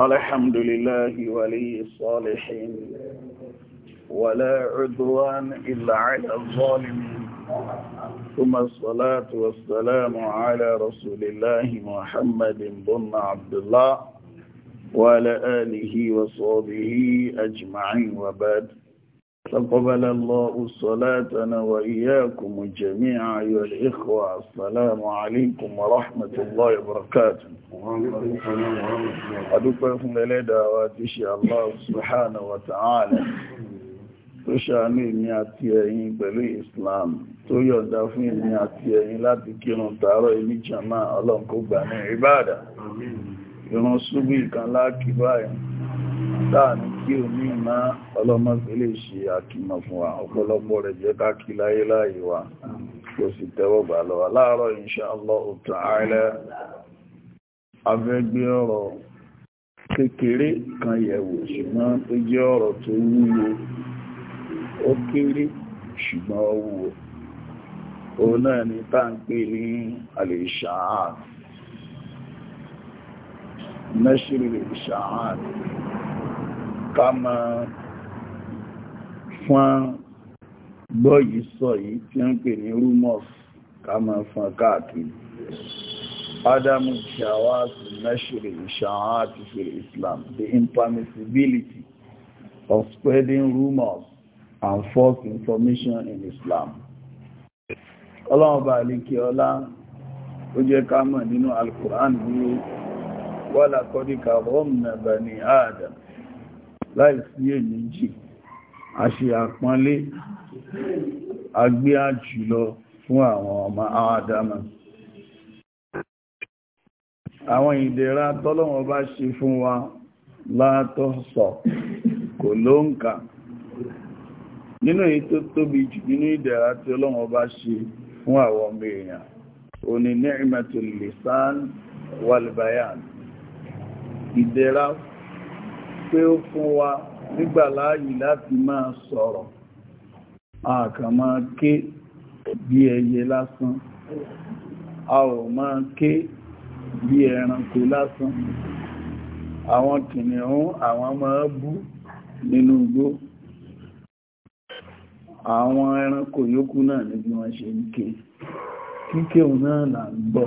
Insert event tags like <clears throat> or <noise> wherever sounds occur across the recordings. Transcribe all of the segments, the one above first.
الحمد لله ولي الصالحين ولا عدوان إلا على الظالمين ثم الصلاة والسلام على رسول الله محمد بن عبد الله وعلى آله وصحبه أجمعين وبعد تقبل الله صلاتنا وإياكم جميعا أيها الإخوة السلام عليكم ورحمة الله وبركاته أدوكم لليدا واتشي الله سبحانه وتعالى تشاني مياتي بلي إسلام tó yọ̀dá fún ìní àti ẹ̀yin láti kírun tààrọ̀ ní jàmáà ọlọ́nkó gbà ní táàní kí o ní ìmá ọlọ́mọ́sílẹ̀ ṣe àkìmọ̀ fún wa ọpọlọpọ rẹ̀ jẹ́ káàkì láyé láyé wa kò sì tẹ́wọ́gbà lọ insha Allah ta'ala afẹ́gbẹ́ ọ̀rọ̀ kékeré kan yẹ̀wò ṣùgbọ́n tó jẹ́ ọ̀rọ̀ tó wúwo ó kéré ṣùgbọ́n ó wúwo òun náà ni táǹpé ní ká máa fún gbọ́ yìí sọ yìí tí ń pè ní rumors ká máa fún káàkiri adamu shawaz nashiri shahad fil islam the impermissibility of spreading rumors and false information in islam ọlọ́run bá lè kí ọlá ó jẹ́ ká mọ̀ nínú alkùrán ní wọ́lá kọ́díkà rọ́mùnà bani adam láì sí èméjì a ṣe àpọ́nlé a gbé àjùlọ fún àwọn ọmọ àwàdámà àwọn ìdẹ̀ra tọ́lọ́wọ́ bá ṣe fún wa látọ́ sọ kò ló ń kà nínú èyí tó tóbi jù nínú ìdẹ̀ra tí ọlọ́wọ́ bá ṣe fún àwọn ọmọ èèyàn òní ni'matul lisan wal bayan ìdẹ̀ra pé ó fún wa nígbà láàyè láti máa sọ̀rọ̀ àkàn máa ké bí ẹyẹ lásán a ò máa ké bí ẹranko lásán àwọn kìnnìún àwọn máa bú nínú igbó àwọn ẹranko yòókù náà ní bí wọ́n ṣe ń ké kíkéhùn náà là ń gbọ́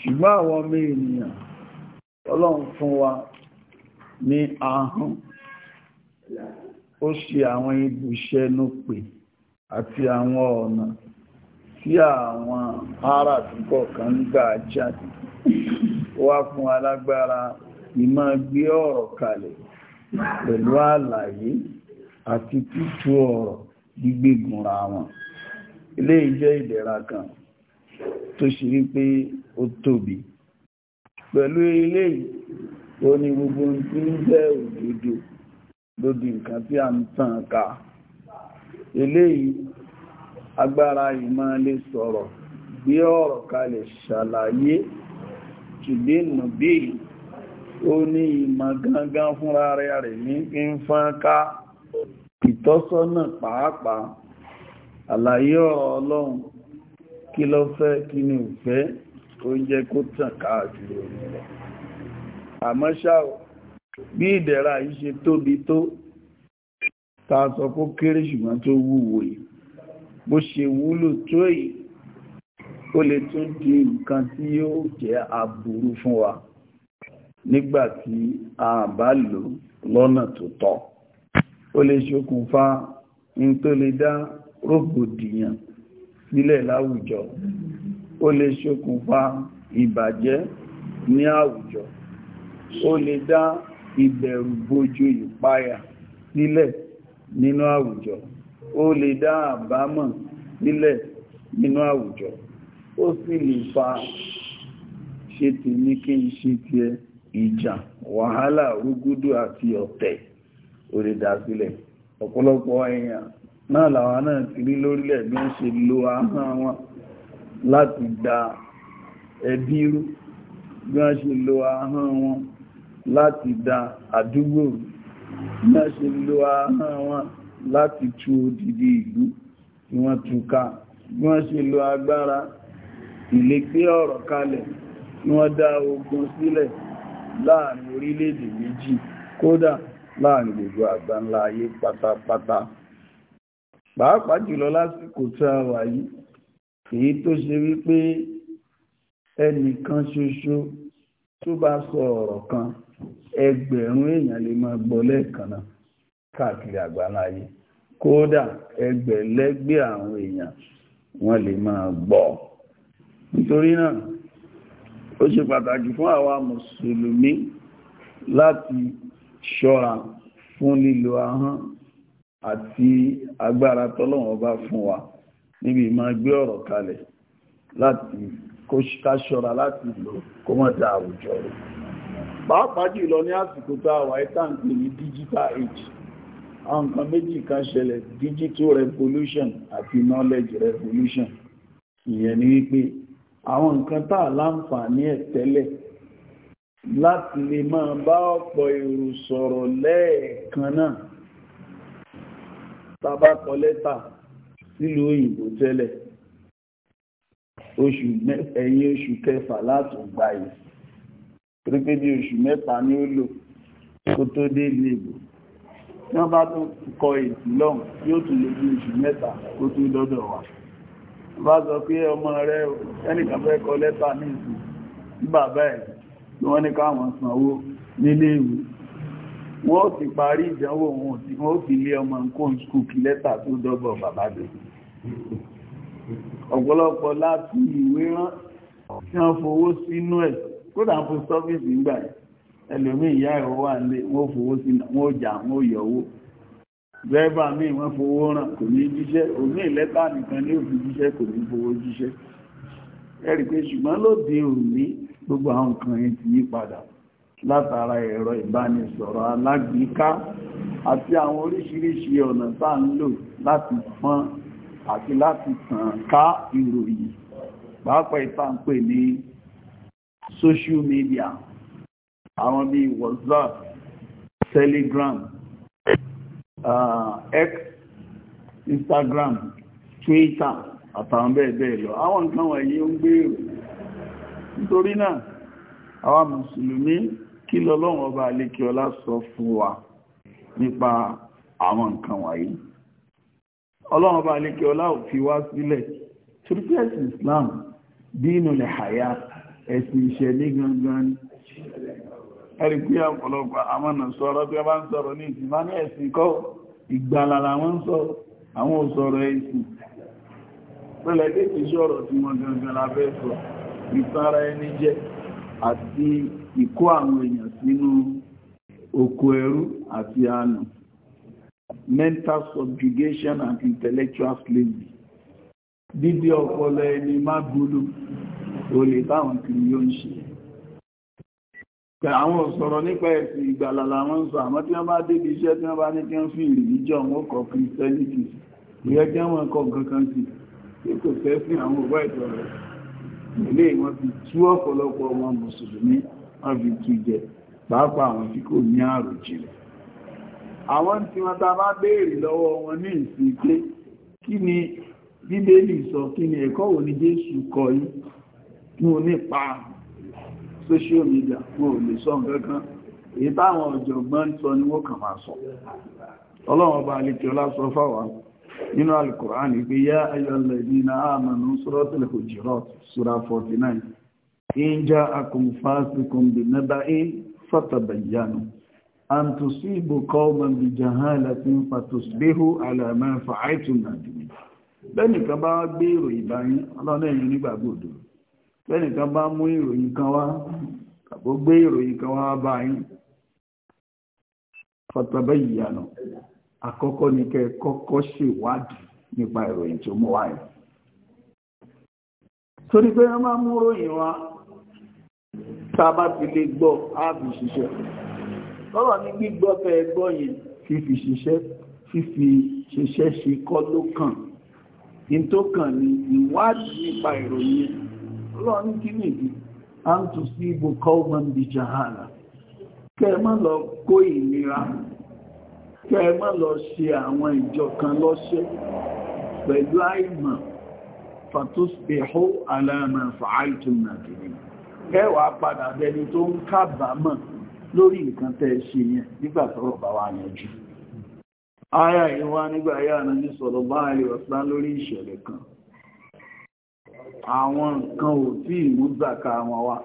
ṣùgbọ́n àwọn ọmọ ènìyàn ọlọ́run fún wa ní ahọ́n ó ṣe àwọn ibùṣẹ́nú pè àti àwọn ọ̀nà tí àwọn ará tí kọ̀ọ̀kan ń gbà jáde wá fún alágbára ìmá gbé ọ̀rọ̀ kalẹ̀ pẹ̀lú àlàyé àti tútù ọ̀rọ̀ gbígbégunra wọn ilé ìjẹ́ ìdẹ̀ra kan tó ṣe wípé ó tóbi pẹ̀lú ilé ó ní gbogbo tí ń jẹ́ òdodo lódi nǹkan tí a ń tàn ká eléyìí agbára ìmọ̀ lè sọ̀rọ̀ gbé ọ̀rọ̀ kalẹ̀ ṣàlàyé ṣùgbẹ́nù bí ó ní ìmọ̀ gangan fúnra rẹ̀ ní kí ń fán ká ìtọ́sọ́nà pàápàá àlàyé ọ̀rọ̀ ọlọ́run kí ló fẹ́ kí ni ò fẹ́ ń jẹ́ kó tàn káàkiri rẹ̀ àmọ́ ṣá o bí ìdẹ̀ra yìí ṣe tóbi tó ta sọ kó kéré ṣùgbọ́n tó wúwo yìí bó ṣe wúlò tó yìí ó lè tún di nǹkan tí yóò jẹ́ aburú fún wa nígbà tí a bá lò lọ́nà tó tọ́ ó lè ṣokùnfà ní tó lè dá rògbòdìyàn sílẹ̀ láwùjọ ó lè ṣokùnfà ìbàjẹ́ ní àwùjọ ó lè dá ìbẹ̀rù bojo ìpayà nílẹ̀ nínú àwùjọ ó lè dá àbámọ̀ nílẹ̀ nínú àwùjọ ó sì lè fa ṣe tèmi kí n ṣe tiẹ̀ ìjà wàhálà rúgúdù àti ọ̀tẹ̀ ó lè dá sílẹ̀ ọ̀pọ̀lọpọ̀ èèyàn náà làwọn náà ti rí lórílẹ̀ bí wọ́n ṣe lo ahọ́n wọn láti da ẹbí rú bí wọ́n ṣe lo ahọ́n wọn láti da àdúgbò náà ṣe lo ahọ́n wọn láti tú odidi ìlú tí wọ́n túká bí wọ́n ṣe lo agbára ìlékè ọ̀rọ̀ kalẹ̀ tí wọ́n dá ogun sílẹ̀ láàrin orílẹ̀-èdè méjì kódà láàrin gbogbo àgbáńlá ayé pátápátá pàápàá jùlọ lásìkò tí a wà yìí èyí tó ṣe wípé ẹnìkan ṣoṣo tó bá sọ ọ̀rọ̀ kan ẹgbẹ̀rún èèyàn lè máa gbo le náà káàkiri àgbáláyé kódà ẹgbẹ̀lẹ́gbẹ̀ àwọn èèyàn wọ́n lè máa gbọ́ nítorí náà ó ṣe pàtàkì fún àwa mùsùlùmí láti ṣọ́ra fún lílo ahọ́n àti agbára tọ́lọ́wọ́n bá fún wa níbi máa gbé ọ̀rọ̀ kalẹ̀ láti kó ṣọ́ra láti lò kó má àwùjọ rẹ̀. pàápàá jùlọ ní àsìkò tá a ìtàǹkì ní digital age àwọn nǹkan méjì kan ṣẹlẹ̀ digital revolution àti knowledge revolution ìyẹn ni wípé àwọn nǹkan tá a láǹfààní ẹ̀ tẹ́lẹ̀ láti lè máa bá ọ̀pọ̀ èrò sọ̀rọ̀ lẹ́ẹ̀kan náà tàbá kọ lẹ́tà sílùú òyìnbó tẹ́lẹ̀ ẹ̀yìn oṣù kẹfà láti gba torí pé bí oṣù mẹ́ta ni ó lò kó tó dé ilé ìbò tí wọ́n bá tó kọ ètì lọ́hùn yóò tún lè bí oṣù mẹ́ta kó tó dọ́dọ̀ wá bá sọ pé ọmọ rẹ ẹnìkan fẹ́ kọ lẹ́tà ní ìsìn bàbá ẹ̀ tí wọ́n ní káwọn sanwó nílé ìwé wọ́n ti parí ìdánwò wọn tí wọ́n fi lé ọmọ nǹkan skul kí lẹ́tà tó dọ́gbọ̀ bàbá dẹ̀ ọ̀pọ̀lọpọ̀ láti ìwé rán tí wọ́n fowó sínú ẹ̀ kódà fún sọ́fíìsì ń gbà ẹlòmíì ìyá ẹ̀rọ wà nílé wọ́n fowó sí wọ́n jà wọ́n yọ owó dẹ́ẹ̀bà míì wọ́n fowó ràn kò ní jíṣẹ́ òmí lẹ́tà nìkan ní òfin jíṣẹ́ kò ní fowó jíṣẹ́ ẹ̀rì pé ṣùgbọ́n lóde òní gbogbo àwọn nǹkan yẹn ti yí padà látara ẹ̀rọ ìbánisọ̀rọ̀ alágbèéká àti àwọn oríṣiríṣi ọ̀nà tá ń lò láti fọ́n àti láti tàn ká ìròyìn pàápàá ìtàǹpè ní social media àwọn bí whatsapp telegram uh, x instagram twitter àtàwọn bẹ́ẹ̀ bẹ́ẹ̀ lọ àwọn nǹkan wọ̀nyí ń gbèrò nítorí náà àwọn mùsùlùmí kí lọ́lọ́run ọba alékiọlá sọ fún wa nípa àwọn nǹkan wọ̀nyí ọlọ́run ọba alékiọlá ò fi wá sílẹ̀ torí islam dínú lè hayat ẹ̀sìn ìṣẹ̀lẹ̀ gangan ni ẹ̀rí pé ọ̀pọ̀lọpọ̀ àmọ́nà sọ̀rọ̀ bí a bá ń sọ̀rọ̀ ní ìtìmá ní ẹ̀sìn kọ́ ìgbàlàlà wọ́n ń àwọn òsọ̀rọ̀ ẹ̀sìn gangan lábẹ́ sọ ìtara ẹni jẹ́ àti ìkó àwọn èèyàn sínú oko mental subjugation and intellectual slavery didi ọpọlọ ẹni má gbóló ó lè báwọn kìí yóò ń ṣe àwọn òsọ̀rọ̀ nípa ẹ̀sìn ìgbàlà làwọn ń sọ àmọ́ tí wọ́n bá débi iṣẹ́ tí wọ́n bá ní kí wọ́n fi ìrìlíjọ́ wọn kọ kìrìsẹ́nìtì ìyẹ́ kí wọ́n kọ gankan sí tí kò fẹ́ sí àwọn òwò ẹ̀tọ́ rẹ̀ ilé wọn fi tú ọ̀pọ̀lọpọ̀ wọn mùsùlùmí wọn fi tú jẹ pàápàá àwọn tí kò ní àròjìnlẹ̀ àwọn tí wọ́n ta bá béèrè lọ́wọ́ wọn ní ìsìn pé kí ni bíbélì sọ kí ni ẹ̀kọ́ wo ni Jésù kọ yìí fún onípa social media wọn ò lè sọ nǹkankan èyí táwọn ọ̀jọ̀gbọ́n ń sọ ni wọ́n kàn máa sọ ọlọ́run ọba alẹ́kẹ́ ọlá sọ fáwa nínú alìkùránì pé yá ayọ̀lẹ̀ nínú àmànà suratul hujurat 49 in ja'akum fasiqun binaba'in fatabayyanu an tusibu qauman bi jahalatin fatusbihu ala ma fa'altum nadimin bẹ́nìkan bá gbé ìròyìn báyìí ọlọ́nà ẹ̀yìn nígbàgbọ́ òdòdó tẹ́nìkan bá mú ìròyìn kan wá àbó gbé ìròyìn kan wá bá yín fọtọbẹ ìyànà àkọ́kọ́ ni kẹ́ kọ́kọ́ ṣèwádìí nípa ìròyìn tó mú wá yìí torí pé wọ́n máa mú ròyìn wá tá a bá fi lè gbọ́ á fi ṣiṣẹ́ lọ́rọ̀ ní gbígbọ́ fẹ́ gbọ́ yẹn fífi ṣiṣẹ́ fífi ṣiṣẹ́ ṣe kọ́ ló kàn ní tó kàn ní ìwádìí nípa ìròyìn lọ́ní kí ní ìdí a ń tù sí ibò kọ́ọ̀mọ̀ bí jahala kẹ́ẹ̀mọ́ lọ kó ìnira kẹ́ẹ̀mọ́ lọ ṣe àwọn ìjọ kan lọ́ṣẹ́ pẹ̀lú àìmọ̀ fàtúsbẹ̀hó aláàmà fàáìtùnà padà bẹni tó ń kábàámọ̀ lórí nǹkan tẹ́ ṣe yẹn nígbà tọ́rọ̀ bá wà yanjú. Aya ìwá nígbà yára ní sọ̀rọ̀ kan. àwọn nǹkan ò tí ìmú zàkà wọn wá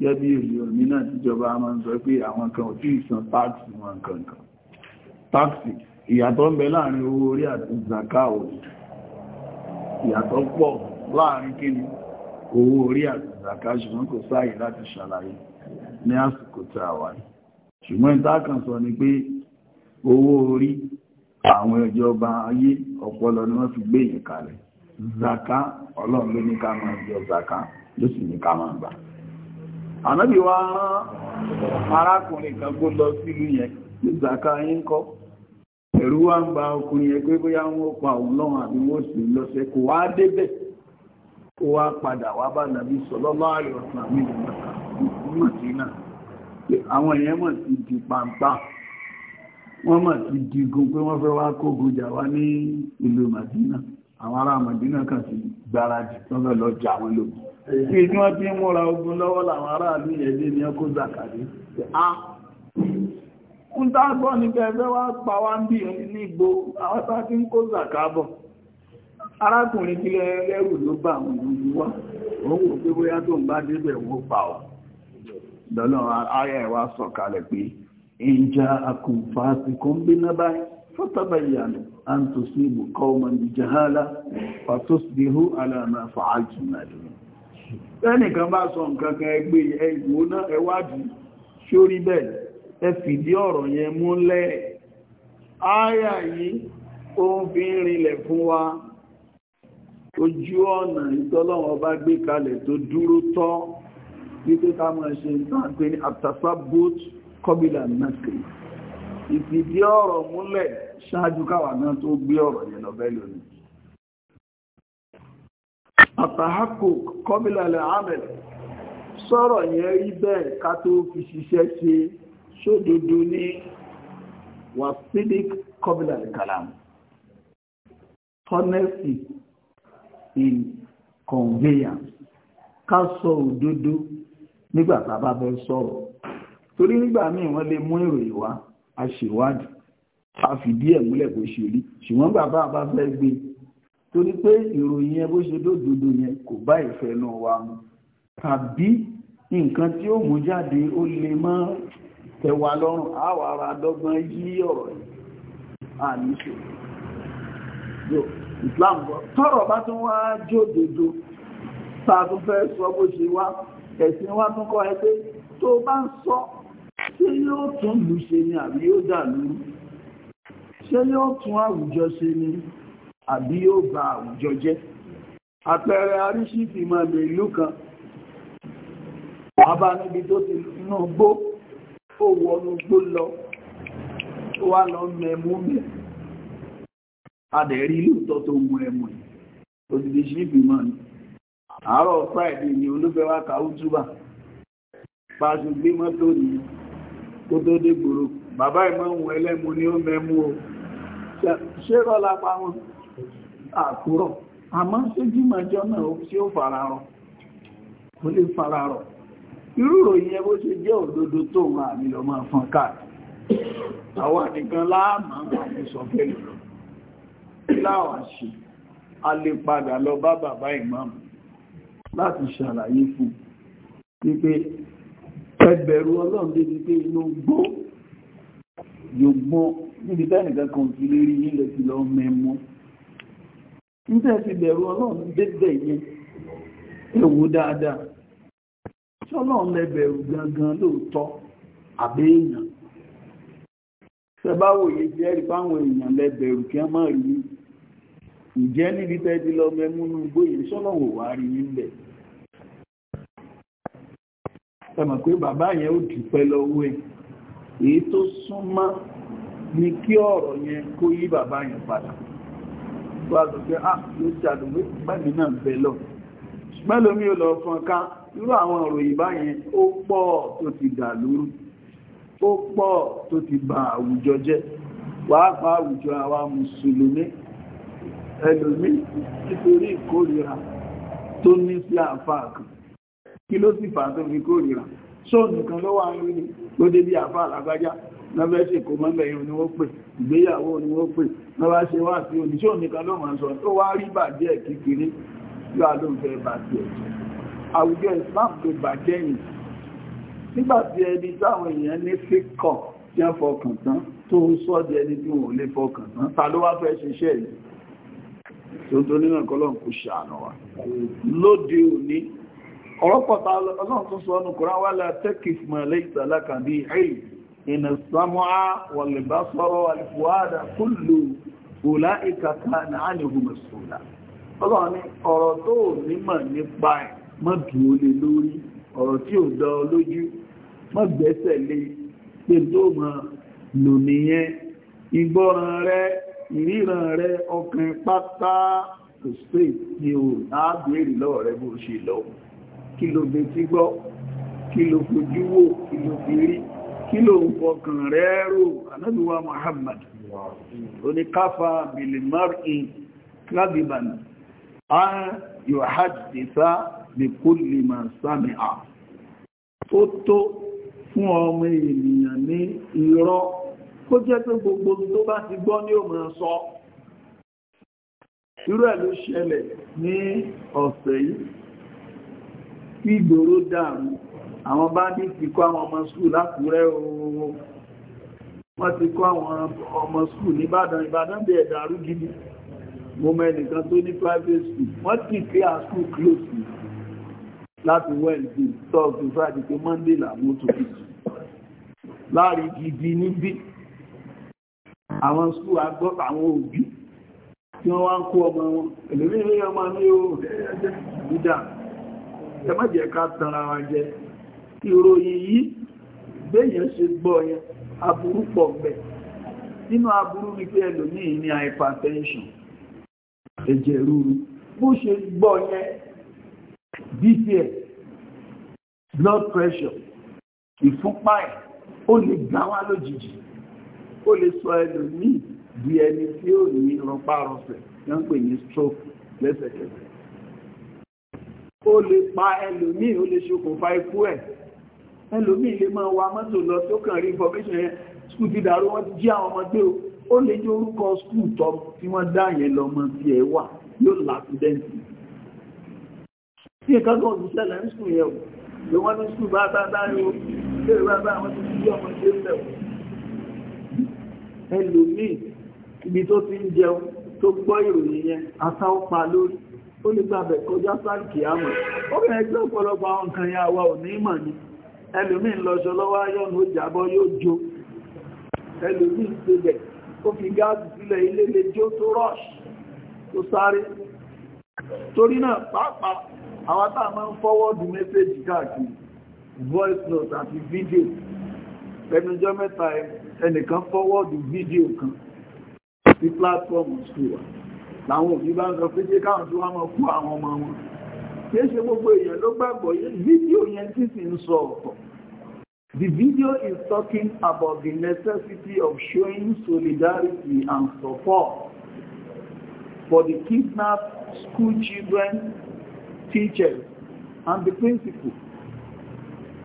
gẹ́bí ìlú òmí náà tíjọba máa ń sọ pé àwọn nǹkan ò tí ìsan táàkì wọn kankan táàkì ìyàtọ̀ ń bẹ láàrin owó orí àti zàkà ò ìyàtọ̀ pọ̀ láàrin kíni owó orí àti zàkà ṣùgbọ́n kò sáàyè láti ṣàlàyé ní àsìkò tí a wà ṣùgbọ́n ìtàkàn sọ ni pé owó orí àwọn ìjọba ayé ọpọlọ ni wọ́n fi gbé ìyẹn kalẹ̀ zaka ọlọ́run ló ní ká máa jọ zaka ló sì ní ká máa gbà wa arákùnrin kan kó lọ sílú yẹn zaka yín kọ́ ẹ̀rú wa ń ba ọkùnrin yẹn pé bóyá wọ́n pa òun lọ́run àbí wọ́n sì lọ́sẹ̀ kò wá débẹ̀ kó wá padà wá bá nàbí àwọn èèyàn mọ̀ sí di pàǹpà wọ́n mọ̀ àwọn ará Màdínà kan sì gbáradì tọ́lọ̀ lọ jà wọn lò bí i wọ́n ti ń múra ogun lọ́wọ́ làwọn ará àlú ìyẹ̀dé ni ọkọ̀ zakari a ń tágbọ́ ní pẹ̀fẹ́ wá pa wá ń bí ní ìgbò àwọn tá ti ń kó zakabọ̀ arákùnrin wa sọ̀kalẹ̀ pé ìjà akùnfà ti فتبينوا أن تصيبوا قوما بجهالة فتصبحوا على ما ẹni kan bá sọ nǹkan kan ẹgbẹ́ ẹgbò náà ẹwádìí bẹ́ẹ̀ ẹ fìdí ọ̀rọ̀ yẹn múlẹ̀ yìí fún wa ojú ọ̀nà ìtọ́lọ́wọ́ bá tó dúró tọ́ ní tó ṣe pé ní àtàfà bóòtù kọ́bílà ìfìdí ọ̀rọ̀ múlẹ̀ ṣáájú káwà náà tó gbé ọ̀rọ̀ yẹn lọ bẹ́ẹ̀ lónìí. àtàhákò kọ́bílẹ̀lẹ̀ amẹ̀l sọ̀rọ̀ yẹn rí bẹ́ẹ̀ ká tó fi ṣiṣẹ́ ṣe sódodo ní wàsídìk kọ́bílẹ̀lẹ̀ kàlám honesty in conveyance ká sọ òdodo nígbà tá a bá fẹ́ sọ̀rọ̀ torí nígbà míì wọ́n lè mú ìròyìn wá a ṣèwádìí a fìdí ẹ̀ múlẹ̀ bó ṣe rí ṣùgbọ́n bàbá bá fẹ́ gbé torí pé ìròyìn yẹn bó ṣe dódodo yẹn kò bá ìfẹ́ náà wá mu tàbí nǹkan tí ó mú jáde ó lè má tẹ̀wá lọ́rùn á wà ara dọ́gbọ́n yí ọ̀rọ̀ yìí à níṣò Islam bọ̀ tọ́rọ̀ bá tún wá jódodo tá a tún fẹ́ sọ bó ṣe wá ẹ̀sìn wá tún kọ́ ẹ pé tó bá ń sọ ṣé yóò tún lù ṣe ni àbí yóò dà lúrú yóò tún àwùjọ ṣe ni àbí yóò ba àwùjọ jẹ́ àpẹẹrẹ aríṣìfì máa lè ìlú kan bàbá níbi tó ti nú gbó ó wọnú gbó lọ ó wá lọ mẹ́mú mẹ́ adẹ̀rí lóòótọ́ tó mú ẹmù ẹ̀ òdìdí ṣífì máa ní àárọ̀ friday ni olúfẹ́wà kàútúbà pàṣẹ gbé mọ́tò nìyẹn tó tó dé gbòrò bàbá ìmọ̀hún ẹlẹ́mu ni ó mẹ́mú o ṣé rọ́lá pa wọn àkúrọ̀ àmọ́ ṣé jímọ̀jọ́ náà tí ó fararọ̀ ó lè fararọ̀ irú ìròyìn ẹbó ṣe jẹ́ òdodo tó wà nílọ máa fọn káàkiri àwọn nìkan láàmà àwọn ẹgbẹ̀rún ọlọ́run débi pé inú gbó yóò gbọ́n níbi tẹ́nìkan kan ti lè rí yín lọ sí lọ mẹ́mọ́ níta ti bẹ̀rù ọlọ́run débẹ̀ yẹn ewu dáadáa tí ọlọ́run lẹ bẹ̀rù gangan lóòótọ́ àbẹ́ èèyàn sẹ́báwò yìí jẹ́ rí fáwọn èèyàn lẹ bẹ̀rù kí wọ́n má rí ǹjẹ́ níbi tẹ́ ti lọ mẹ́mú nú gbóyè sọ́lọ́wọ́ wá rí yín ẹ mọ̀ pé bàbá yẹn ó dúpẹ́ lọ́wọ́ ẹ̀ èyí tó súnmọ́ ni kí ọ̀rọ̀ yẹn kó yí bàbá yẹn padà wá sọ pé ah ló ṣàdùnmí báyìí náà bẹ lọ ṣùgbọ́n lómi ò lọ fọn ká irú àwọn ìròyìn báyẹn ó pọ̀ tó ti dà lóru ó pọ̀ tó ti bà àwùjọ jẹ́ wàá pa àwùjọ àwa mùsùlùmí ẹlòmí nítorí ìkórìíra tó ní sí àfáà kan kí ló sì fà tó fi kórìíra só nìkan ló wà ní ní ló dé bí àfà àlágbájá lọ́fẹ́ ṣe kò mọ́mẹ́ irun ni wọ́n pè ìgbéyàwó ni wọ́n pè lọ́wọ́ ṣe wá sí òní só nìkan ló máa sọ tó wá rí bàjẹ́ kékeré yóò àlóǹfẹ́ bàjẹ́ àwùjọ Islam tó bàjẹ́ yìí nígbàtí ẹni táwọn èèyàn ní fíkọ̀ tí wọ́n fọkàn tán tó ń sọ́ di ẹni tí wọ́n lè fọkàn nínú ẹ̀kọ́ ṣàánà wa lóde òní ọ̀rọ̀pọ̀ta ọlọ́run tún sọ ọ́nù kùrán wà látẹ́kì ẹlẹ́ìsà lákàbí ẹ̀yìn ìnà samuwa wàlìbá sọ́rọ̀ alìfòwádà kúlù òlá ìkàkà ní ànìhùn ọlọ́run ní ọ̀rọ̀ tó ma ní kí ló betí gbọ́ kí ló fojú wò kí ló fi rẹ̀ rò ànábì wa Muhammad oníkáfà bilimar in klabiban a yóò hajjisa bí kulli ma sami'a ó tó fún ọmọ ènìyàn ní irọ́ kó jẹ́ pé gbogbo tó bá ti gbọ́ ní ó sọ irú ẹ̀ ló ṣẹlẹ̀ ní ọ̀sẹ̀ yìí tí ìgboro dàrú àwọn báńdì ti kọ́ àwọn ọmọ skúl lákúrẹ́ ooo wọ́n ti kọ́ àwọn ọmọ skúl nìbàdàn ìbàdàn bẹ̀ẹ̀ dàrú gidi mo mọ ẹnìkan tó ní private school wọ́n ti pé à school close láti Wednesday Thursday Friday pé Monday làwọn tó fi jù láàrin gidi níbí àwọn skúl agbọ́ àwọn òbí tí wọ́n wá ń kó ọmọ wọn èlò ní ilé ọmọ ní ó ẹ̀ẹ́dẹ́ ẹ má jẹ́ ká tanra wa jẹ ìròyìn yìí béèyàn ṣe gbọ́ yẹn aburú pọ̀ bẹ̀ nínú aburú ní pé ẹlòmíì ní hypertension ẹ̀jẹ̀ rúru bó ṣe gbọ́ yẹn bpl blood pressure ìfúnpá ẹ̀ ó lè gbà wá lójijì ó lè sọ ẹlòmíì di ẹni tí ó ní rọpárọsẹ̀ yẹn ń pè ní stroke lẹ́sẹ̀kẹsẹ̀ ó lè pa ẹlòmíì ó lè ṣokùnfà ikú ẹ̀ ẹlòmíì lè máa wa mọ́tò lọ tó kàn rí information yẹn skul ti dàrú wọ́n ti jí àwọn ọmọdé o ó lè jẹ́ orúkọ skul tọ́ tí wọ́n dá yẹn lọ́mọ tí ẹ wà yóò làkúdẹ́ǹtì tí nǹkan kan ti ṣẹlẹ̀ ní skul yẹn o lè wọ́n ní skul bá bá bá yóò léèrè bá bá àwọn o ẹlòmíì ibi tó ti ń jẹun tó gbọ́ ìròyìn yẹn atáwọ́pa lórí ó lè gbàbẹ̀ kọjá sáàkì àmọ̀ ó bẹ̀rẹ̀ ẹgbẹ́ ọ̀pọ̀lọpọ̀ àwọn nǹkan ya wa ò ní mọ̀ ní ẹlòmí lọ́ṣọ́ lọ́wọ́ ayọ́nù ó jàbọ́ yóò jó ẹlòmí ìpele ó fi gáàsì sílẹ̀ ilé lè jó tó rọ́ṣ tó sáré torí náà pàápàá máa ń fọ́wọ́dù láwọn òbí bá ń sọ pé jẹ́ káwọn tí wọ́n mọ̀ kú àwọn ọmọ wọn kìí ṣe gbogbo èèyàn ló gbàgbọ́ fídíò yẹn tí sì ń sọ ọ̀tọ̀ The video is talking about the necessity of showing solidarity and support for the kidnapped school children, teachers, and the principal.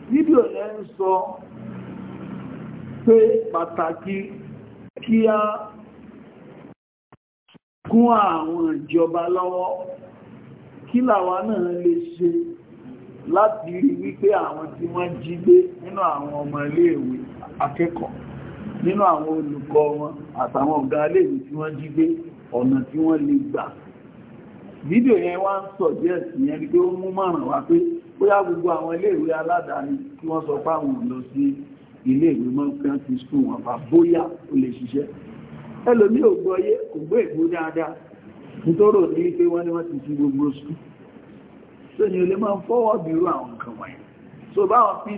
Fídíò yẹn ń sọ pé pàtàkì kí á kún àwọn ìjọba lọ́wọ́ kí làwa náà lè ṣe láti rí wípé àwọn tí wọ́n jí gbé nínú àwọn ọmọ iléèwé akẹ́kọ̀ọ́ nínú àwọn olùkọ́ wọn àtàwọn ọ̀gá iléèwé tí wọ́n jí gbé ọ̀nà tí wọ́n lè gbà fídíò yẹn wá ń sọ díẹ̀ sí yẹn ni pé ó mú mọ̀ràn wá pé bóyá gbogbo àwọn iléèwé aládàáni kí wọ́n sọ pé àwọn lọ sí iléèwé mọ́ ti skul wọn bá bóyá ó lè ṣiṣẹ́ ẹlòmí ò gbọ́yé kò gbé ìgbó dáadáa nítorò ní pé wọ́n ní wọ́n ti fi gbogbo sùn tó ní olè máa ń fọ́wọ́ bírú àwọn nǹkan wọ̀nyí so báwọn pta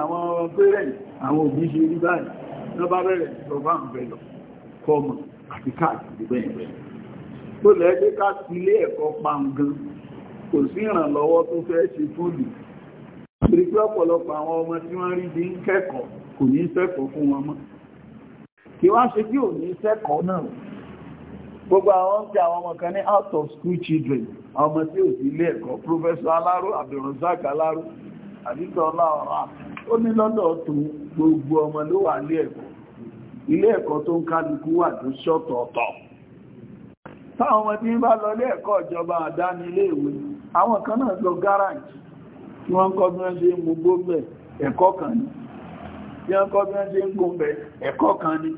àwọn pẹ́rẹ̀n àwọn òbí ṣe rí báyìí lọ́bá bẹ̀rẹ̀ lọ́bá ń bẹ̀ lọ kọmọ̀ àti káàkiri bẹ́ẹ̀ tó kí wá ṣe kí ò ní sẹ́kọ̀ọ́ náà gbogbo àwọn tí àwọn ọmọ kan ní out of school children ọmọ tí ò sí ilé ẹ̀kọ́ professor aláró abdulrasaq aláró àdìsọ ọláọ̀rá ó ní lọ́dọ̀ tó gbogbo ọmọ ló wà ilé ẹ̀kọ́ ilé ẹ̀kọ́ tó ń kálukú wà tó táwọn ọmọ tí ń bá lọ ilé ẹ̀kọ́ ìjọba àdáni ilé àwọn kan náà lọ gáràjì tí wọ́n ń kọ́ bí wọ́n ṣe ń kan ni wọ́n kọ́ bí wọ́n ṣe kan ni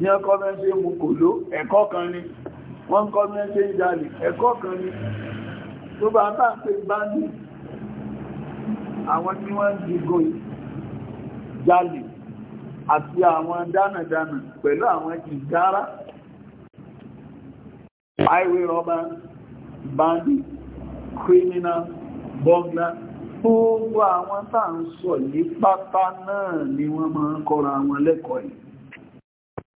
ní ọkọ́ ṣe mú kò ló ẹ̀kọ́ kan ní wọ́n kọ́ mẹ́ṣẹ́ ẹ̀kọ́ kan ní tó bá bá ń bá ní àwọn tí wọ́n dìgò àti àwọn dánàdánà pẹ̀lú àwọn ìgára highway robber bandit criminal gbogbo àwọn tá à ń sọ ni wọ́n máa ń kọ́ra lẹ́kọ̀ọ́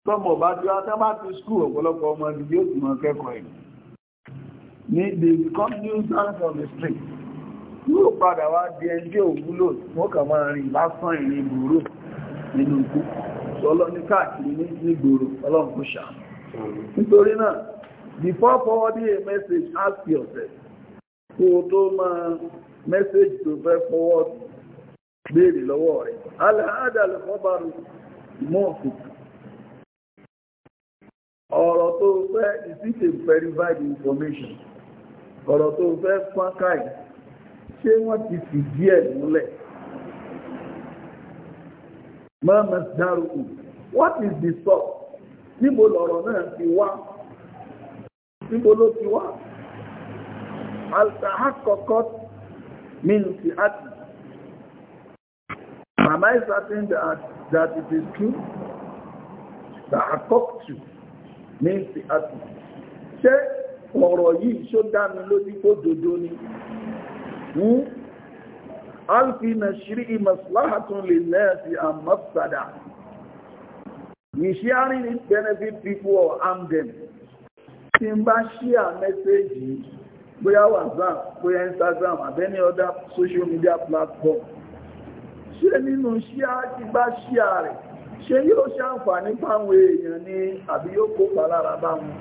tọ́mọ̀ bá tí wá tẹ́bá ti skúl ọ̀pọ̀lọpọ̀ ọmọ ìdí yóò túnmọ̀ kẹ́kọ̀ọ́ ẹ̀ ní the community and on the street yóò padà wá di ẹjẹ́ òwúlò wọ́n kà máa rìn lásán ìrìn ìgboro nínú ikú sọ́lọ́ ní káàkiri ní ìgboro ọlọ́run kò ṣà nítorí náà before forwarding a message ask yourself kó o tó máa message tó fẹ́ forward béèrè lọ́wọ́ rẹ̀ alẹ́ àdàlẹ̀ fọ́bàrù ọ̀rọ̀ tó fẹ́ is it a verified information ọ̀rọ̀ tó fẹ́ pọ́n káyì ṣé wọ́n ti fìdí ẹ̀ múlẹ̀ mọ́mọ́ dárúkù what is the source níbo lọ̀rọ̀ náà ti wá níbo ló ti wá alṣàkọ́kọ́ min ti àti Am I certain that, that it is true? That I talk to ní sí àtù ṣé ọ̀rọ̀ yìí ṣó dámi lójú tó dòdó ni hmm? alfi na ṣírí maslahatun lè nẹ́ẹ̀sì àmọ́sàdà Misharing it benefit people or harm them. Tí n bá ṣí à mẹ́sẹ̀jì bóyá WhatsApp, bóyá Instagram, àbí any other social media platform. Ṣé nínú ṣí à ti bá ṣí rẹ̀? ṣe yóò ṣàǹfààní fáwọn èèyàn ní àbí yóò kó lára bá wọn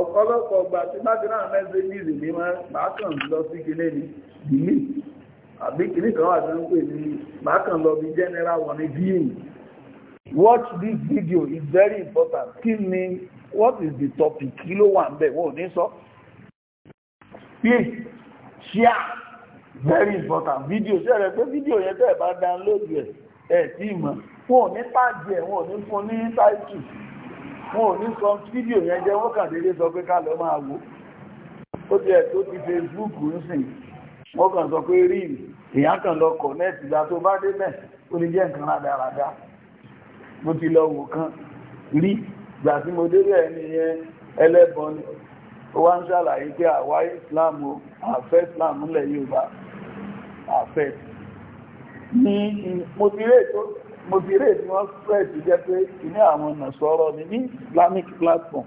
ọ̀pọ̀lọpọ̀ ọgbà tí bákanáà mẹ́sẹ̀gìrì ní bákan lọ sí kílé ní dìlì àbí kìíní kan wà tó ń pè ní bákan lọ bí general wọn ní viewing watch this video is very important kí ni what is the topic kí ló wà ń bẹ̀ wọ́n ò ní sọ please share very important video ṣe rẹ̀ pé fídíò yẹn tẹ́ ẹ̀ bá download rẹ̀ ẹ̀ tí ìmọ̀ wọn ò ní pàdé ẹ̀ wọn ò ní fún ní táìtù wọn ò ní sọ fídíò yẹn jẹ́ wọ́n kàn déédéé sọ pé ká lọ máa wò ó ti ẹ̀ tó ti Facebook ń sìn wọ́n kàn sọ pé rí èèyàn kan lọ kọ̀ nẹ́ẹ̀tì ìgbà tó bá dé mẹ́ ó lè jẹ́ nǹkan rádaràda mo ti lọ wò kan rí ìgbà tí mo dé bẹ́ẹ̀ ni yẹn ẹlẹ́bọn ni ó wá ń ṣàlàyé pé àwa Islam àfẹ́ Islam ńlẹ̀ Yorùbá àfẹ́ ní mobire wọ́n spread jẹ́ pé ní àwọn nàṣọ́rọ̀ ni ní islamic platform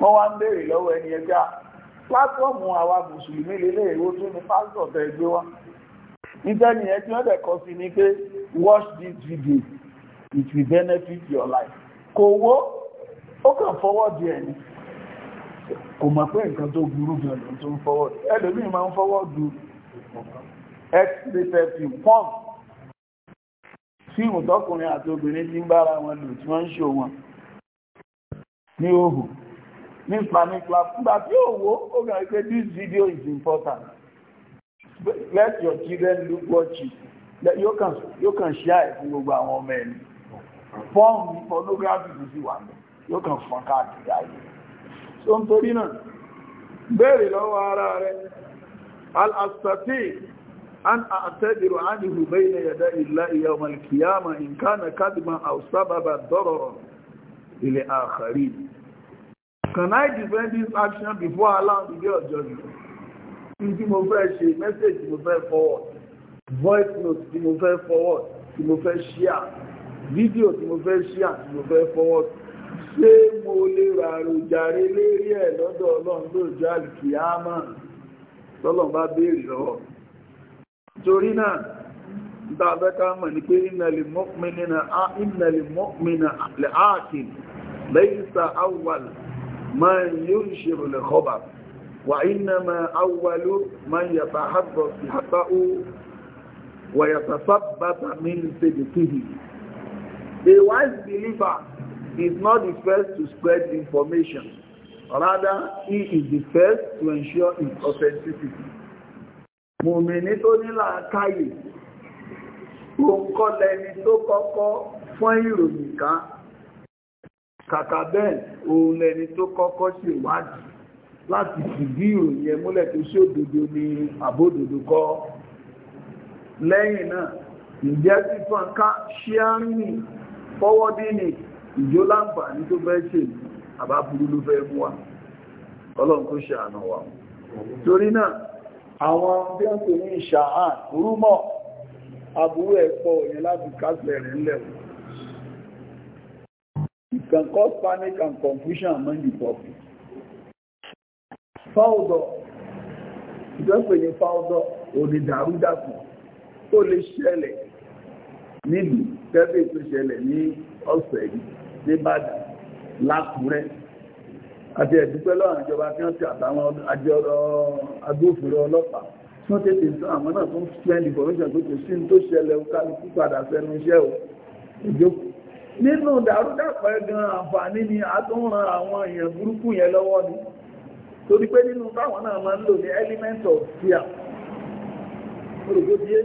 wọ́n wá ń béèrè lọ́wọ́ ẹni ẹja ah, platform àwa mùsùlùmí lélẹ̀ èwo tún ní pásítọ̀ tẹ́ gbé wá níta nìyẹn tí wọ́n dẹ̀ kọ ni pé watch this video it will benefit your life kò wó ó kàn fọwọ́ di ni? kò mọ̀ pé nǹkan tó burú gan ló tó ń fọwọ́ ẹlòmíì máa ń fọwọ́ du x-ray perfume pump fíìmù tọkùnrin àti obìnrin ti ń bára wọn lò tí wọ́n ń ṣò wọn ní òhù ní islamic club tí ó wó ó gbà pé this video is important let your children look watch it yóò kàn ṣíà ẹ̀ fún gbogbo àwọn ọmọ ẹni fọ́ọ̀mù pornography tó sì wà ní yóò kàn fọ́n káàkiri ayé so nítorí náà béèrè lọ́wọ́ ara rẹ̀ al-astati an a'tadiru anhu bayna yaday illahi yawm al-qiyamah in kana kadhiban aw sababa dararan ila akharin can i defend this action before allah the day of judgment tí mo fẹ́ message tí mo forward voice note tí mo forward tí mo share video tí mo fẹ́ share tí mo forward ṣé mo lè ra àròjàre lérí ẹ̀ lọ́dọ̀ ọlọ́run lóòjọ́ àlùkìyámà lọ́lọ́run bá béèrè lọ́wọ́ torí náà dábẹ́ká mọ̀ ní pé ìnàlè mọ́kànlá lẹ́àkìn lẹ́yìnsà awwal máa yóò ṣèrò lẹ́kọ́bà wà ìnàmà awwal máa yàtà àbọ̀ sí wise believer is not the first to spread information. Rather, he is the first to ensure its authenticity mùmìnì tó nílà káyè òun kọ́ lẹni tó kọ́kọ́ fún ìròyìn ká kàkà bẹ́ẹ̀ òun lẹni tó kọ́kọ́ ṣèwádìí láti fìdí ìròyìn ẹ múlẹ̀ tó ṣe òdodo ní àbódodo kọ́ lẹ́yìn náà ìjẹ́ fífọn ká ṣíárìnì fọwọ́dínì ìjó láǹfààní tó fẹ́ ṣe àbá burú ló fẹ́ mú wa ọlọ́run kó ṣe àná wa torí náà àwọn tí ó ń pè ní ìṣàhàn rúmọ̀ àbúrò ẹ̀pọ̀ òyìn láti kásẹ̀ rẹ̀ lẹ́wọ̀ It can cause panic and confusion among the public. Fáwọ̀dọ̀, ìjọ́pẹ̀ ní fáwọ̀dọ̀ onídàrúdàpọ̀ tó lè ṣẹlẹ̀ nílùú tẹ́bẹ̀ tó ṣẹlẹ̀ ní ọ̀sẹ̀ yìí ní Ìbàdàn, Lákùúrẹ́, àti ẹ̀dúpẹ́ lọ́rùn ìjọba tí wọ́n ti àtàwọn àjọrọ̀ agbófinró ọlọ́pàá tí wọ́n tètè sọ àwọn náà fún spend information pé kò sí tó ṣẹlẹ̀ kálukú padà sẹ́nu iṣẹ́ ò ìjókòó nínú dàrúdàpọ̀ gan àǹfààní ni a tó ń ran àwọn èèyàn burúkú yẹn lọ́wọ́ ni torí pé nínú táwọn náà máa ń lò ní element of fear olùgbòdìé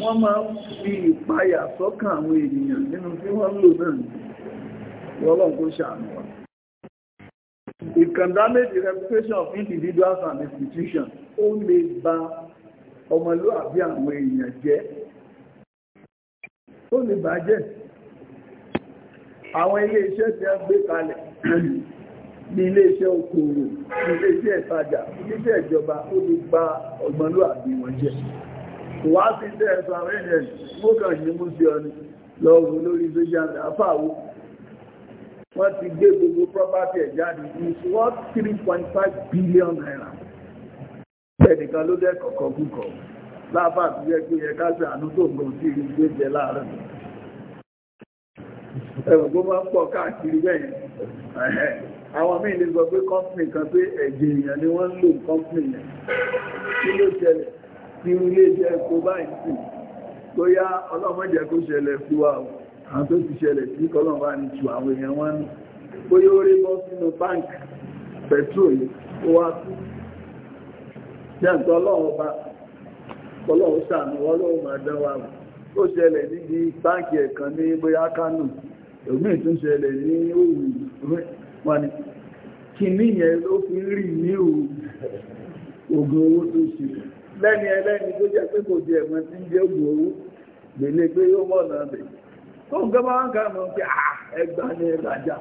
wọ́n máa ń fi ìpayà sọ́kàn àwọn ènìyàn nínú tí wọ́n ń lò náà ni wọ́n lọ́n kó ṣàánú wa It can damage the reputation of individuals and institutions. Ó lè ba ọmọlúwàbí àwọn èèyàn jẹ́. Ó lè bà jẹ́. Àwọn ilé iṣẹ́ tí a gbé kalẹ̀ <clears throat> ní ilé iṣẹ́ okòòwò, ilé iṣẹ́ ìtajà, ilé iṣẹ́ ìjọba ó lè ba ọmọlúwàbí wọn jẹ́. Wà á ti tẹ́ ẹ̀sọ́ àwọn èèyàn, mú kàn yí wọ́n ti gbé gbogbo property ẹ̀ jáde is worth three point five billion naira. ẹnìkan ló dẹ́ kọ̀kọ́ kúkọ̀ láàbà tó yẹ pé yẹ ká ṣàánú tó nǹkan sí ìlú gbé jẹ láàárọ̀. ẹ̀wọ̀n tó máa ń pọ̀ káàkiri bẹ́yẹn àwọn míì lè sọ pé company kan pé ẹ̀jẹ̀ èèyàn ni wọ́n ń lò company yẹn kí ló ṣẹlẹ̀ tí ilé iṣẹ́ epo báyìí sì bóyá ọlọ́mọdé kó ṣẹlẹ̀ fún wa o. àwọn tó ti ṣẹlẹ̀ sí kọ́lọ̀n ní àwọn èèyàn wọn ní bóyá yóò rí bọ́ sínú bank petrol ó wá kú jẹ́ǹtọ́ ọlọ́run bá ṣàánú ọlọ́wọ́ máa dánwà ó ṣẹlẹ̀ báńkì ẹ̀kan ní bóyá tún ṣẹlẹ̀ ní òwú wọn ni kí ní yẹn ló rí ní ògùn owó tó ṣe lẹ́ni tó ń gọ́mọ́ ń kàmọ́ pé ẹgbà ní ìrajà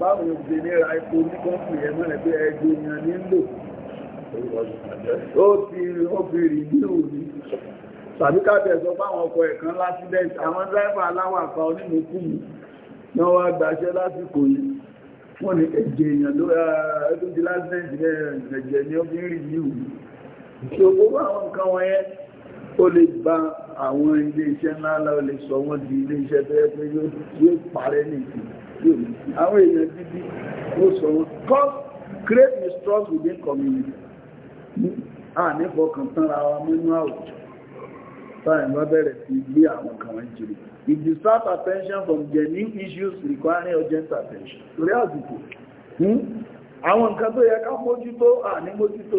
báwo ló ṣe ní ra epo ní kọ́ńtì ẹ̀mọ́ ẹ̀ pé ẹgbẹ́ èèyàn nílò ó ti rí ó fi rí ní òní tàbí kábẹ̀ sọ fáwọn ọkọ̀ ẹ̀kan lásìdẹ́ǹtì àwọn dráìvà aláwọ̀ àpá onímọ̀kùnmù náà wá gbàṣẹ́ lásìkò yìí wọ́n ní ẹ̀jẹ̀ èèyàn ló ẹ̀ẹ́dùn ẹ̀jẹ̀ ni ó ní òní ó lè bá àwọn ilé iṣẹ́ ńláńlá ó lè sọ wọ́n di ilé iṣẹ́ tó pé yóò parẹ́ ní ìsìn àwọn èèyàn bíbí ó sọ mistrust within community a ní fọkàn tánra wa nínú àwùjọ táyà bá bẹ̀rẹ̀ sí gbé àwọn kan wọ́n jìrì it distracts attention from genuine issues requiring urgent attention torí àsìkò hmm, àwọn nǹkan tó yẹ ká mójútó à ní mójútó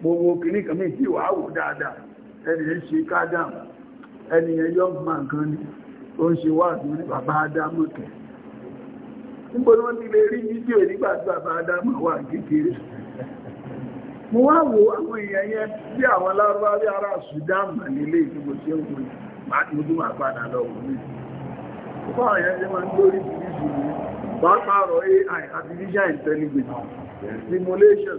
gbogbo kìíní kàmí tí wà áwò dáadáa ẹniyàn ṣe kádàm ẹniyàn yọ́ ma nǹkan o ó ń ṣe wà ní bàbá adámọ̀ kẹ́ nígbòrí wọ́n ti lè rí fídíò nígbà tí bàbá adámọ̀ wà kékeré mo wá wo àwọn èèyàn yẹn bí àwọn lárúbáwí ará Sudan mà nílé ìdúgbò tí ó wù mo tún máa padà lọ wù mí fún àwọn èèyàn AI artificial intelligence simulation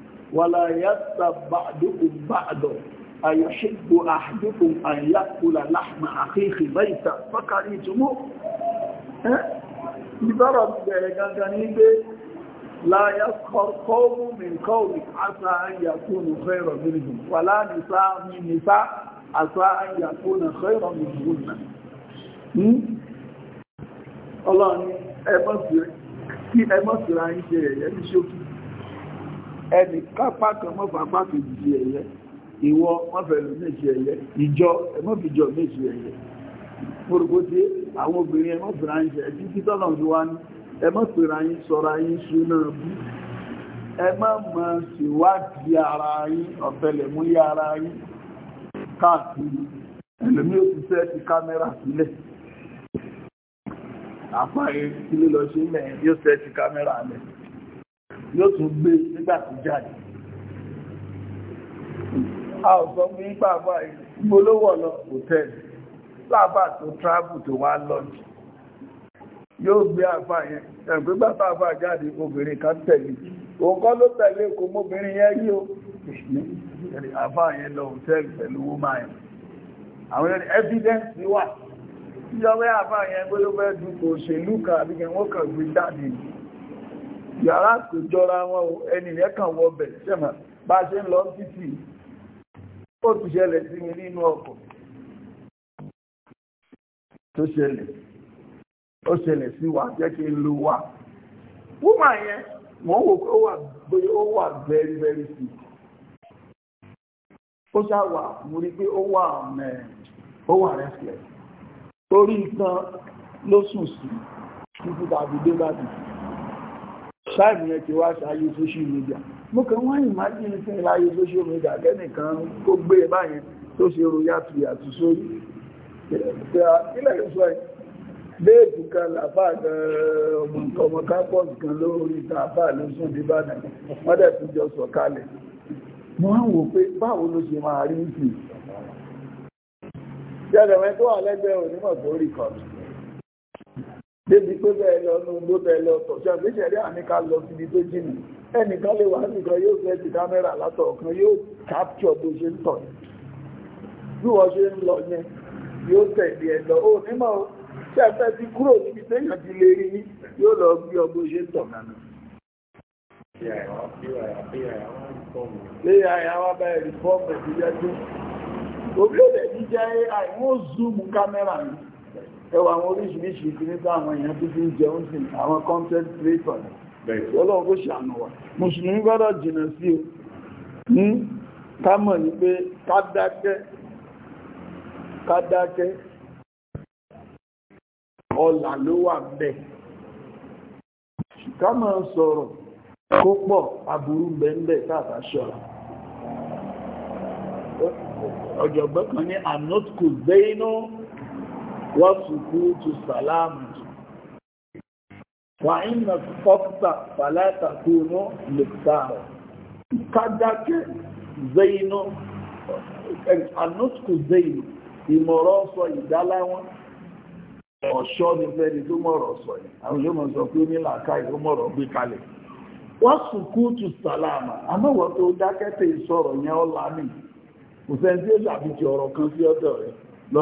wàlá yàtà bàdùkùn bàdọ̀ àyọ̀ṣẹ́gbò àdùkùn àyàkùlà láàmà àkíkì báyìta fákàrí ìtumọ̀ ìbára bẹ̀rẹ̀ gangan ní pé láyá kọ́ọ̀mù mìkọ́ọ̀mù àṣà àyàkùnù fẹ́rọ̀ mìírùn wàlá nìsá nìsá àṣà àyàkùnù fẹ́rọ̀ mìírùn náà ọlọ́ni ẹmọ́sìrá ń ṣe ẹ̀yẹ́ ní ṣókí ẹnì kápá kan mọ́ fapá kejì sí ẹ̀yẹ ìwọ mọ́fẹ̀lú méjì ẹ̀yẹ ìjọ ẹ̀mọ́fìjọ méjì ẹ̀yẹ mọ̀rọ̀gbọ́dé àwọn obìnrin ẹ̀mọ́fìra ń jẹ́ títí tọ́nà tó wá ní ẹ̀mọ́fìra yín sọ́ra yín súná bú ẹ̀mọ́ mọ̀ síwádìí ara yín ọ̀tẹlẹ̀múyẹ́ ara yín káàkiri ẹlòmí ò ti fẹ́ ti kámẹ́rà sílẹ̀ àpá yẹn kí ló lọ sí mẹ́rin yóò fẹ́ ti kámẹ́rà lẹ̀ yóò tún gbé nígbà tó jáde a ò sọ fún yípa àbá ìgbólówọ̀ lọ hòtẹ́ẹ̀lì láàbà tó travel tó wá lọ́jì yóò gbé àfà yẹn ẹ̀gbẹ́gbà fàfà jáde obìnrin kan tẹ̀lé òun kọ́ ló tẹ̀lé kò mọ́bìnrin yẹn rí o àfà yẹn lọ hòtẹ́ẹ̀lì pẹ̀lú wọ́mà yẹn àwọn evidence wà ìjọba àfà yẹn gbé ló fẹ́ dùn kò òṣèlú kan àbíkẹ́ wọ́n kàn gbé jáde yìí yàrá kò jọra wọn o ẹnìyàn kan wọ bẹ̀ sẹ́mà bá ṣe ń lọ títì ó ti ṣẹlẹ̀ sí mi nínú ọkọ̀ tó ṣẹlẹ̀ ó ṣẹlẹ̀ sí wa jẹ́ kí n lo wa wúmà yẹn mọ̀ wò pé ó wà very very sick ó ṣàwà mo rí pé ó wà mẹ́rin eh, ó wà restless orí itan ló sùn sí títí tàbí dé bá dùn sí ṣáàmì yẹn ti wá ṣáyé social media mo kàn wá ìmájì ní sí ìláyé social media kẹ́nìkan kó gbé e báyẹn tó ṣe ro yàtù yàtù sórí ilẹ̀ ìṣọ́ ẹ̀ déètù kan làbá ọmọ kápọ̀sì kan lórí tàbá ló sún di bàdàn wọ́n dẹ̀ tún jọ sọ kalẹ̀ wọ́n á wò pé báwo ló ṣe máa rí ìsìn jẹ́rẹ̀mẹ́ tó wà lẹ́gbẹ̀ẹ́ onímọ̀ tó rí kọ̀ọ̀tù débi pé bẹ́ẹ̀ lọ ní ogbó bẹ́ẹ̀ lọ tọ̀ṣọ́ ìgbésẹ̀ rí àníká lọ síbi tó jìnà ẹnìkan lè wà nìkan yóò fẹ́ ti kámẹ́rà látọ̀ ọ̀kan yóò capture bó ṣe ń tọ̀ bí wọ́n ṣe ń lọ yẹn yóò tẹ̀lé ẹ̀ lọ ó nímọ̀ ṣe fẹ́ ti kúrò níbi téèyàn ti lè rí yóò lọ gbé ọ ṣe ń tọ̀ nànà. léyà àyàwó abẹ́ rìfọ́ọ̀mù ìdíjẹ́ tó orílẹ̀-èdè jíjẹ́ àìwọ́n zoom kámẹ́rà yìí ẹwà àwọn oríṣiríṣi ìpínlẹ̀ táwọn èèyàn tó fi ń jẹun sí àwọn content creator ọlọ́run kó ṣàánú wa mùsùlùmí gbọ́dọ̀ jìnà sí o ní kámọ̀ ní pé kádákẹ́ kádákẹ́ ọlà ló wà bẹ̀ kámọ̀ sọ̀rọ̀ kó pọ̀ aburú bẹ̀ẹ̀bẹ̀ tàbá ṣọ́ra ọ̀jọ̀gbọ́n kan ní I'm not cool, they know وسكوت السلام وإن السقط فلا تكون مكتار ọ̀ṣọ́ tó mọ̀rọ̀ sọ yìí àwọn yóò mọ̀ sọ pé ní làákà ìlú mọ̀rọ̀ gbé kalẹ̀ wọ́n tù sàlámà tó yẹn ọ̀la mi kò ọ̀rọ̀ kan sí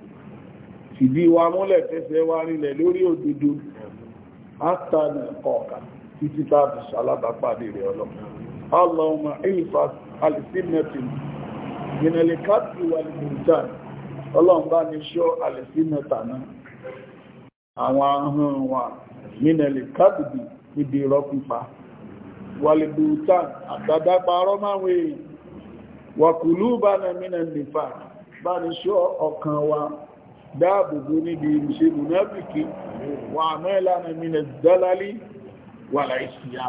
ìbí wa múlẹ̀ tẹ́sẹ̀ wa rinlẹ̀ lórí òdodo átàlẹ̀ ọ̀kà títí tàbí ṣalábàpàdé rẹ̀ ọlọ́pàá Allahumma ilfas alìsínẹ̀tìn ìrìnlẹ̀ káàkiri wà ní bá ní ṣọ́ alìsínẹ̀tà náà bá ní ṣọ́ ọkàn wa dáàbòbò níbi ìṣe mùnáfìkì wà mẹ́lànà mílẹ̀ dọ́lálí wà láìsíyà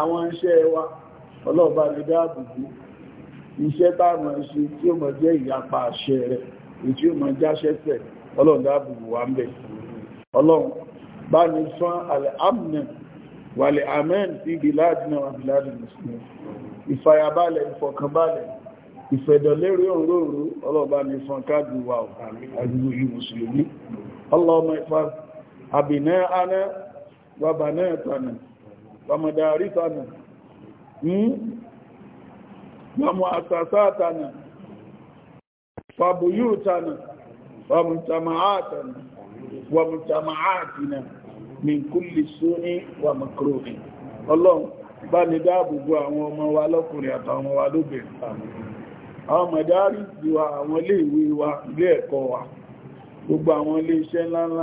àwọn iṣẹ́ wa ọlọ́ọ̀bá lè dáàbòbò iṣẹ́ táàmà ṣe tí ó mọ̀ jẹ́ ìyapa àṣẹ rẹ̀ tí ó mọ̀ jáṣẹ́fẹ̀ ọlọ́run dáàbòbò wa ń bẹ̀ ọlọ́run ìfẹ̀dọ̀lérí òróòró ọlọ́ọ̀bá ní fún káàdù wà àgbègbè mùsùlùmí Allahumma ìfà àbìnà aná wàbànà tànà wàmàdàrí tànà wàmù àsàsà tànà fàbùyù tànà wàmùtàmàá tànà wàmùtàmàá tànà min kulli suni wa àwọn mọ̀dárí wa àwọn ilé ìwé wa ilé ẹ̀kọ́ wa gbogbo àwọn ilé iṣẹ́ ńláńlá